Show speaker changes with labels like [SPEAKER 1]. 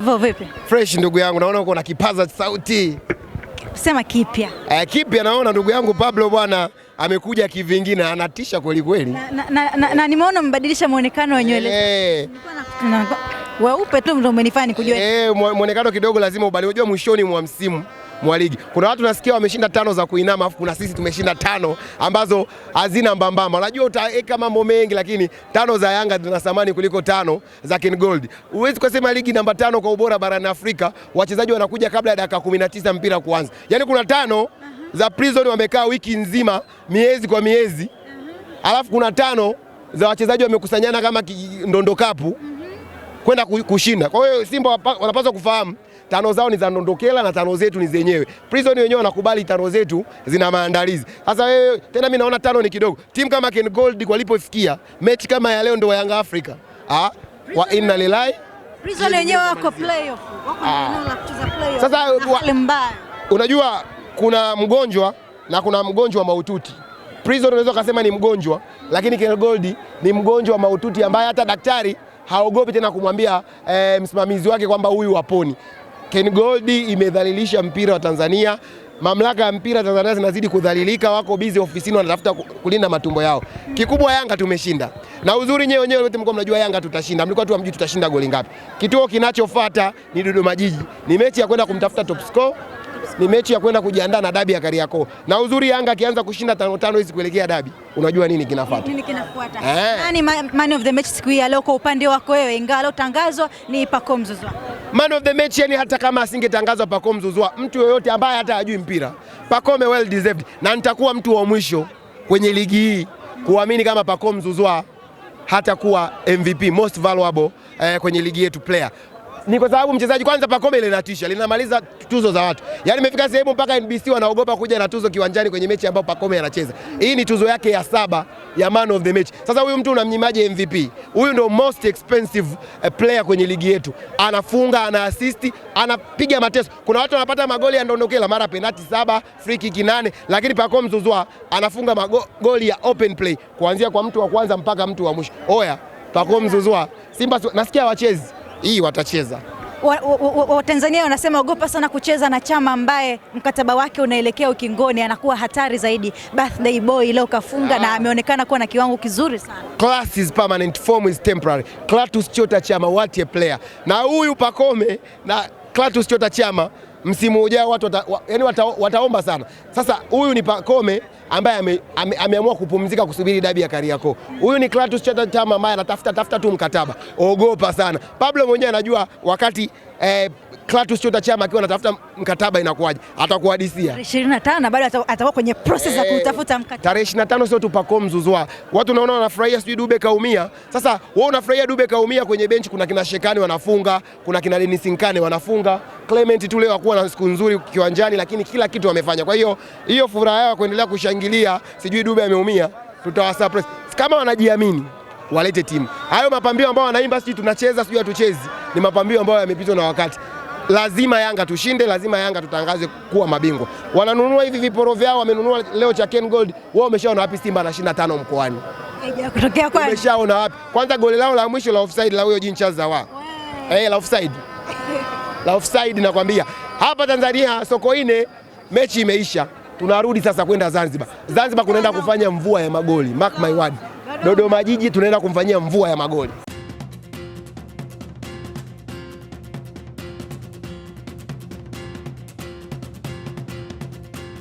[SPEAKER 1] Vo vipi? Fresh ndugu yangu, naona uko na kipaza sauti.
[SPEAKER 2] Sema kipya.
[SPEAKER 1] Eh, kipya naona ndugu yangu Pablo bwana amekuja kivingine, anatisha kweli kweli. Na,
[SPEAKER 2] na, na, na, na nimeona mbadilisha muonekano wa nywele. Eh. Weupe tu ndio umenifanya nikujue.
[SPEAKER 1] Eh, muonekano kidogo lazima ubadilike. Unajua mwishoni mwa msimu mwa ligi. Kuna watu nasikia wameshinda tano za kuinama, afu kuna sisi tumeshinda tano ambazo hazina mbambamba. Unajua utaweka mambo mengi, lakini tano za Yanga zina thamani kuliko tano za King Gold. Huwezi kusema ligi namba tano kwa ubora barani Afrika, wachezaji wanakuja kabla ya dakika 19 mpira kuanza. Yaani kuna tano za prison wamekaa wiki nzima, miezi kwa miezi, alafu kuna tano za wachezaji wamekusanyana kama ndondokapu kwenda kushinda. Kwa hiyo Simba wanapaswa kufahamu Tano zao ni za ndondokela na tano zetu ni zenyewe. Prison wenyewe wanakubali tano zetu zina maandalizi. Sasa wewe tena, mimi naona tano ni kidogo. Timu kama Ken Gold walipofikia mechi kama ya leo ndio Yanga afrika Ah, wa inna lillahi.
[SPEAKER 2] Prison wenyewe wako playoff. Wako eneo la kucheza playoff.
[SPEAKER 1] Sasa unajua kuna mgonjwa na kuna mgonjwa mahututi. Prison unaweza kusema ni mgonjwa, lakini Ken Gold ni mgonjwa mahututi ambaye hata daktari haogopi tena kumwambia e, msimamizi wake kwamba huyu waponi Ken Goldi imedhalilisha mpira wa Tanzania. Mamlaka ya mpira Tanzania zinazidi kudhalilika, wako bizi ofisini wanatafuta kulinda matumbo yao. Kikubwa Yanga tumeshinda, na uzuri nyewe wenyewe wote mko mnajua Yanga tutashinda, mlikuwa tu hamjui tutashinda goli ngapi. Kituo kinachofuata ni Dodoma Jiji, ni mechi ya kwenda kumtafuta top score, ni mechi ya kwenda kujiandaa na dabi ya Kariakoo. Na uzuri Yanga akianza kushinda tano tano hizi kuelekea dabi, unajua nini kinafuata,
[SPEAKER 2] nini kinafuata? Eh. Nani man of the match siku hii leo kwa upande wako wewe, ingawa leo tangazo ni Pacome Zouzoua
[SPEAKER 1] Man of the match, yani hata kama asingetangazwa Pacome Mzuzua, mtu yoyote ambaye hata hajui mpira, Pacome well deserved, na nitakuwa mtu wa mwisho kwenye ligi hii kuamini kama Pacome hata kuwa MVP most valuable eh, kwenye ligi yetu player ni kwa sababu mchezaji kwanza, Pacome linatisha, linamaliza tuzo za watu. Yaani imefika sehemu mpaka NBC wanaogopa kuja na tuzo kiwanjani kwenye mechi ambayo Pacome anacheza. Hii ni tuzo yake ya saba ya man of the match. Sasa huyu mtu unamnyimaje MVP? Huyu ndo most expensive eh, player kwenye ligi yetu, anafunga, ana assist, anapiga mateso. Kuna watu wanapata magoli ya ndondokela, mara penati saba, free kick nane, lakini Pacome Zouzoua anafunga magoli ya open play kuanzia kwa mtu wa kwanza mpaka mtu wa mwisho. Oya Pacome Zouzoua, Simba nasikia wachezi hii watacheza
[SPEAKER 2] Watanzania wa, wa, wa wanasema ogopa sana kucheza na chama ambaye mkataba wake unaelekea ukingoni, anakuwa hatari zaidi. Birthday boy leo kafunga ah, na ameonekana kuwa na kiwango kizuri sana.
[SPEAKER 1] Class is permanent, form is temporary. Clatous Chota Chama, what a player! Na huyu Pacome na Clatous Chota Chama msimu ujao watu wata, wa, yani wata, wataomba sana. Sasa huyu ni pakome ambaye ame, ame, ameamua kupumzika kusubiri dabi ya Kariakoo. Huyu ni Clatous Chama ambaye anatafuta tafuta tu mkataba, ogopa sana. Pablo mwenyewe anajua wakati eh, Clatous Chota Chama akiwa anatafuta mkataba inakuwaje? Atakuhadisia
[SPEAKER 2] tarehe 25 bado atakuwa kwenye process za eh, kutafuta mkataba.
[SPEAKER 1] Tarehe 25 sio tupako mzuzwa. Watu naona wanafurahia, sijui Dube kaumia. Sasa wewe unafurahia Dube kaumia, kwenye benchi kuna kina Shekani wanafunga, kuna kina Dennis Nkane wanafunga. Clement tu leo hakuwa na siku nzuri kiwanjani, lakini kila kitu amefanya. Kwa hiyo hiyo furaha yao kuendelea kushangilia, sijui Dube ameumia, tutawa surprise. kama wanajiamini walete timu. Hayo mapambio ambayo wanaimba sijui tunacheza sijui hatuchezi, ni mapambio ambayo yamepitwa na wakati lazima Yanga tushinde, lazima Yanga tutangaze kuwa mabingwa. Wananunua hivi viporo vyao, wamenunua leo cha Ken Gold, wao wameshaona wapi Simba na 25 mkoani? Kutokea kwani wameshaona wapi? Kwanza goli lao la mwisho la offside la huyo Jincha Zawa. Eh, la offside. La offside nakwambia. Hapa Tanzania Sokoine mechi imeisha. Tunarudi sasa kwenda Zanzibar. Zanzibar kunaenda kufanya mvua ya magoli. Mark my word. Dodoma Jiji tunaenda kumfanyia mvua ya magoli.